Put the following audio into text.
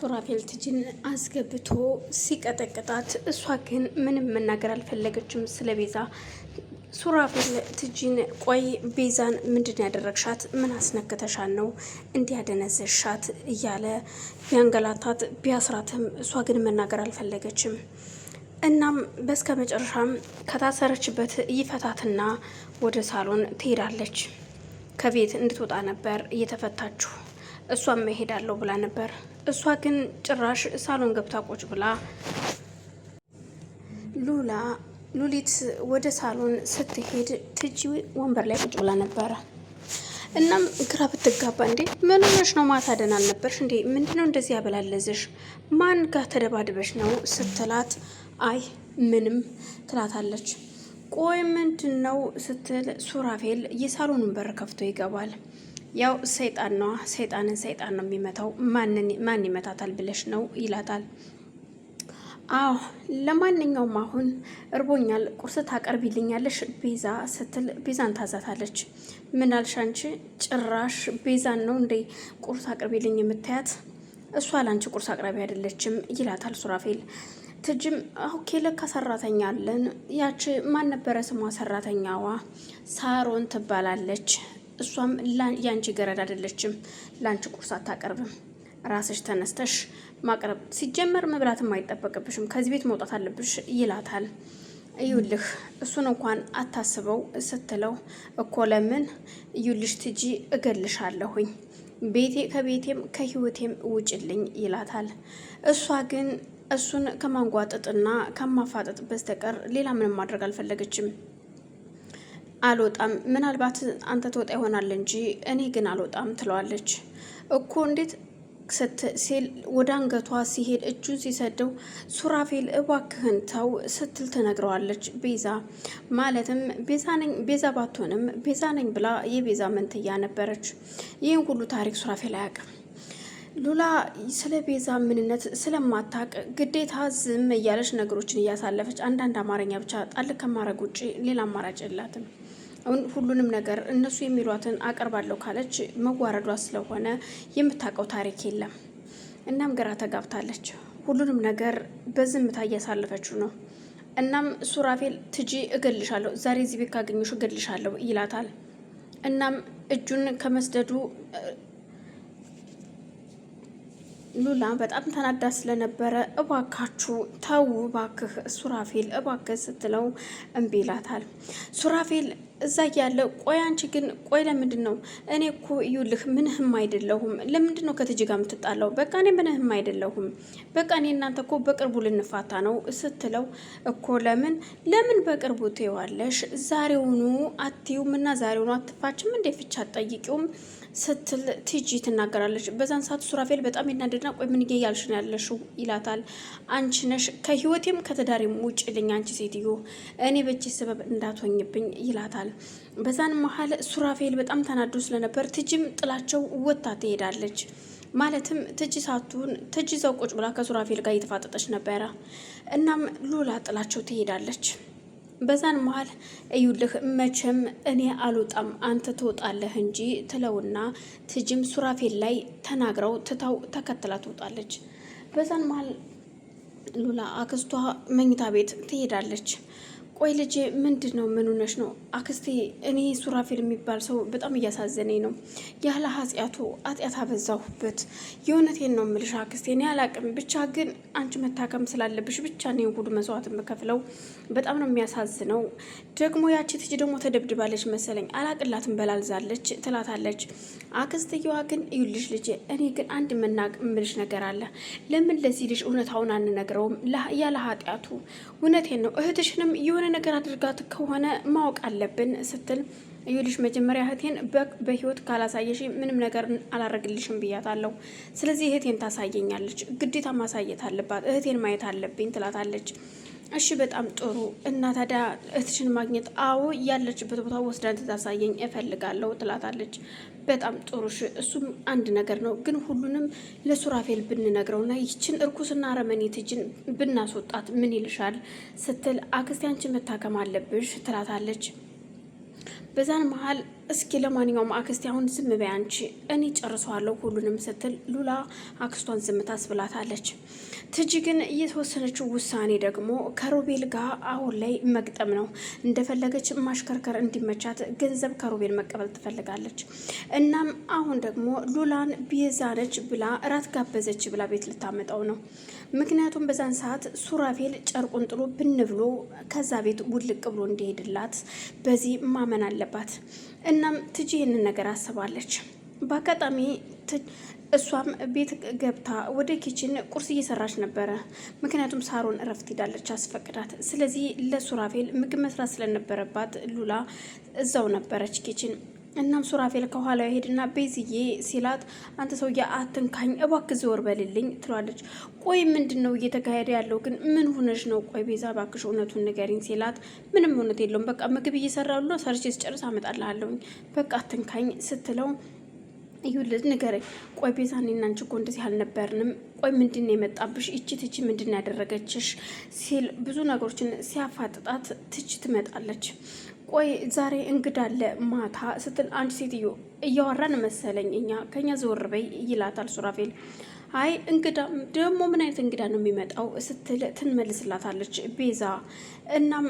ሱራፌል ትጅን አስገብቶ ሲቀጠቅጣት እሷ ግን ምንም መናገር አልፈለገችም ስለ ቤዛ። ሱራፌል ትጅን ቆይ ቤዛን ምንድን ያደረግሻት? ምን አስነክተሻት ነው እንዲህ ያደነዘሻት? እያለ ቢያንገላታት ቢያስራትም እሷ ግን መናገር አልፈለገችም። እናም በስከ መጨረሻም ከታሰረችበት ይፈታትና ወደ ሳሎን ትሄዳለች። ከቤት እንድትወጣ ነበር እየተፈታችሁ እሷም መሄዳለሁ ብላ ነበር። እሷ ግን ጭራሽ ሳሎን ገብታ ቁጭ ብላ ሉላ ሉሊት ወደ ሳሎን ስትሄድ ትጂ ወንበር ላይ ቁጭ ብላ ነበረ። እናም ግራ ብትጋባ እንዴ ምን ሆነሽ ነው? ማታ ደህና አልነበርሽ እንዴ? ነው እንደዚህ ያበላለዝሽ? ማን ጋር ተደባድበሽ ነው ስትላት፣ አይ ምንም ትላታለች። ቆይ ምንድን ነው ስትል፣ ሱራፌል የሳሎኑን በር ከፍቶ ይገባል። ያው ሰይጣን ነዋ። ሰይጣንን ሰይጣን ነው የሚመታው። ማን ይመታታል ብለሽ ነው ይላታል። አዎ ለማንኛውም አሁን እርቦኛል፣ ቁርስ ታቀርቢልኛለሽ ቤዛ ስትል ቤዛን ታዛታለች። ምን አልሽ አንቺ? ጭራሽ ቤዛን ነው እንዴ ቁርስ አቅርቢልኝ የምታያት? እሷ ላንቺ ቁርስ አቅራቢ አይደለችም ይላታል ሱራፌል። ትጅም ኦኬ ለካ ሰራተኛ አለን። ያቺ ማን ነበረ ስሟ ሰራተኛዋ? ሳሮን ትባላለች እሷም ያንቺ ገረድ አይደለችም፣ ለአንቺ ቁርስ አታቀርብም። ራስሽ ተነስተሽ ማቅረብ ሲጀመር መብላትም አይጠበቅብሽም። ከዚህ ቤት መውጣት አለብሽ ይላታል። እዩልህ እሱን እንኳን አታስበው ስትለው እኮ ለምን እዩልሽ ትጂ እገልሻለሁኝ ቤቴ ከቤቴም ከህይወቴም ውጭልኝ ይላታል። እሷ ግን እሱን ከማንጓጠጥና ከማፋጠጥ በስተቀር ሌላ ምንም ማድረግ አልፈለገችም። አልወጣም፣ ምናልባት አንተ ትወጣ ይሆናል እንጂ እኔ ግን አልወጣም ትለዋለች። እኮ እንዴት ሲል ወደ አንገቷ ሲሄድ እጁን ሲሰደው ሱራፌል እባክህን ተው ስትል ትነግረዋለች። ቤዛ ማለትም ቤዛ ባትሆንም ቤዛ ነኝ ብላ የቤዛ መንትያ ነበረች። ይህን ሁሉ ታሪክ ሱራፌል አያውቅም። ሉላ ስለ ቤዛ ምንነት ስለማታቅ ግዴታ ዝም እያለች ነገሮችን እያሳለፈች አንዳንድ አማርኛ ብቻ ጣል ከማድረግ ውጭ ሌላ አማራጭ የላትም። አሁን ሁሉንም ነገር እነሱ የሚሏትን አቀርባለሁ ካለች መዋረዷ ስለሆነ የምታውቀው ታሪክ የለም። እናም ግራ ተጋብታለች። ሁሉንም ነገር በዝምታ እያሳለፈችው ነው። እናም ሱራፌል ትጂ እገልሻለሁ፣ ዛሬ እዚህ ቤት ካገኘሽ እገልሻለሁ ይላታል። እናም እጁን ከመስደዱ ሉላ በጣም ተናዳ ስለነበረ እባካችሁ ተው እባክህ ሱራፌል እባክህ ስትለው እምቢ ይላታል ሱራፌል እዛ ያለ ቆይ፣ አንቺ ግን ቆይ፣ ለምንድን ነው እኔ እኮ እዩልህ ምንህም አይደለሁም። ለምንድን ነው ከትጅ ጋር የምትጣላው? በቃ እኔ ምንህም አይደለሁም። በቃ እኔ እናንተ እኮ በቅርቡ ልንፋታ ነው ስትለው እኮ ለምን ለምን በቅርቡ ትይዋለሽ? ዛሬውኑ አትዩም እና ዛሬውኑ አትፋችም እንዴ ፍቻ አትጠይቂውም ስትል ትጂ ትናገራለች። በዛን ሰዓት ሱራፌል በጣም የናደድና ቆይ ምን እያልሽ ነው ያለሽው ይላታል። አንቺ ነሽ ከህይወቴም ከተዳሪም ውጭ ልኝ አንቺ ሴትዮ እኔ በእጅ ስበብ እንዳትሆኝብኝ ይላታል። ይላል። በዛን መሀል ሱራፌል በጣም ተናዶ ስለነበር ትጅም ጥላቸው ወታ ትሄዳለች። ማለትም ትጅ ሳቱን ትጅ ዘው ቁጭ ብላ ከሱራፌል ጋር እየተፋጠጠች ነበረ። እናም ሉላ ጥላቸው ትሄዳለች። በዛን መሀል እዩልህ መቼም እኔ አልወጣም አንተ ትወጣለህ እንጂ ትለውና ትጅም ሱራፌል ላይ ተናግረው ትታው ተከትላ ትወጣለች። በዛን መሀል ሉላ አክስቷ መኝታ ቤት ትሄዳለች። ቆይ ልጄ ምንድን ነው? ምን ሆነሽ ነው? አክስቴ እኔ ሱራፌል የሚባል ሰው በጣም እያሳዘነኝ ነው። ያለ ኃጢአቱ አጢአት አበዛሁበት። የእውነቴን ነው ምልሽ አክስቴ፣ እኔ አላቅም። ብቻ ግን አንቺ መታከም ስላለብሽ ብቻ ነው ሁሉ መስዋዕት የምከፍለው በጣም ነው የሚያሳዝነው። ደግሞ ያቺ ትጅ ደግሞ ተደብድባለች መሰለኝ አላቅላትም፣ በላልዛለች ትላታለች። አክስትየዋ ግን እዩልሽ ልጄ፣ እኔ ግን አንድ መናቅ ምልሽ ነገር አለ። ለምን ለዚህ ልጅ እውነታውን አንነግረውም? ያለ ኃጢአቱ እውነቴን ነው እህትሽንም የሆነ ነገር አድርጋት ከሆነ ማወቅ አለብን ስትል ይኸውልሽ መጀመሪያ እህቴን በህይወት ካላሳየሽ ምንም ነገር አላረግልሽም ብያታለሁ። ስለዚህ እህቴን ታሳየኛለች፣ ግዴታ ማሳየት አለባት፣ እህቴን ማየት አለብኝ ትላታለች። እሺ በጣም ጥሩ እና ታዲያ እህትሽን ማግኘት አዎ ያለችበት ቦታ ወስዳ እንድታሳየኝ እፈልጋለሁ ትላታለች በጣም ጥሩ እሺ እሱም አንድ ነገር ነው ግን ሁሉንም ለሱራፌል ብንነግረው ና ይችን እርኩስና አረመኔ ብናስወጣት ምን ይልሻል ስትል አክስቴ መታከም አለብሽ ትላታለች በዛን መሀል እስኪ ለማንኛውም አክስቴ አሁን ዝም በይ አንቺ እኔ ጨርሰዋለሁ ሁሉንም ስትል ሉላ አክስቷን ዝም ታስብላታለች። ትጂ ግን እየተወሰነችው ውሳኔ ደግሞ ከሮቤል ጋር አሁን ላይ መግጠም ነው። እንደፈለገች ማሽከርከር እንዲመቻት ገንዘብ ከሮቤል መቀበል ትፈልጋለች። እናም አሁን ደግሞ ሉላን ቤዛነች ብላ እራት ጋበዘች ብላ ቤት ልታመጣው ነው። ምክንያቱም በዛን ሰዓት ሱራፌል ጨርቁን ጥሎ ብን ብሎ ከዛ ቤት ውልቅ ብሎ እንዲሄድላት በዚህ ማመን አለባት። እናም ትጂ ይህንን ነገር አስባለች። በአጋጣሚ እሷም ቤት ገብታ ወደ ኪችን ቁርስ እየሰራች ነበረ። ምክንያቱም ሳሮን እረፍት ሄዳለች አስፈቅዳት። ስለዚህ ለሱራፌል ምግብ መስራት ስለነበረባት ሉላ እዛው ነበረች ኪችን። እናም ሱራፌል ከኋላ ሄድና ቤዝዬ ሲላት አንተ ሰውዬ አትንካኝ እባክህ ዘወር በልልኝ ትሏለች። ቆይ ምንድን ነው እየተካሄደ ያለው ግን ምን ሁነሽ ነው? ቆይ ቤዛ እባክሽ እውነቱን ንገሪኝ ሲላት ምንም እውነት የለውም በቃ ምግብ እየሰራ እየሰራሉ ሰርቼ ስጨርስ አመጣልሃለሁኝ በቃ አትንካኝ ስትለው ይኸውልህ ንገረኝ። ቆይ ቤዛ እኔና አንቺ እኮ እንደዚህ አልነበርንም። ቆይ ምንድን ነው የመጣብሽ? እቺ ትቺ ምንድን ያደረገችሽ? ሲል ብዙ ነገሮችን ሲያፋጥጣት ትች ትመጣለች። ቆይ ዛሬ እንግዳ አለ ማታ ስትል አንድ ሴትዮ እያወራን መሰለኝ እኛ ከኛ ዘወር በይ ይላታል ሱራፌል። አይ እንግዳ ደግሞ ምን አይነት እንግዳ ነው የሚመጣው ስትል ትንመልስላታለች ቤዛ እናም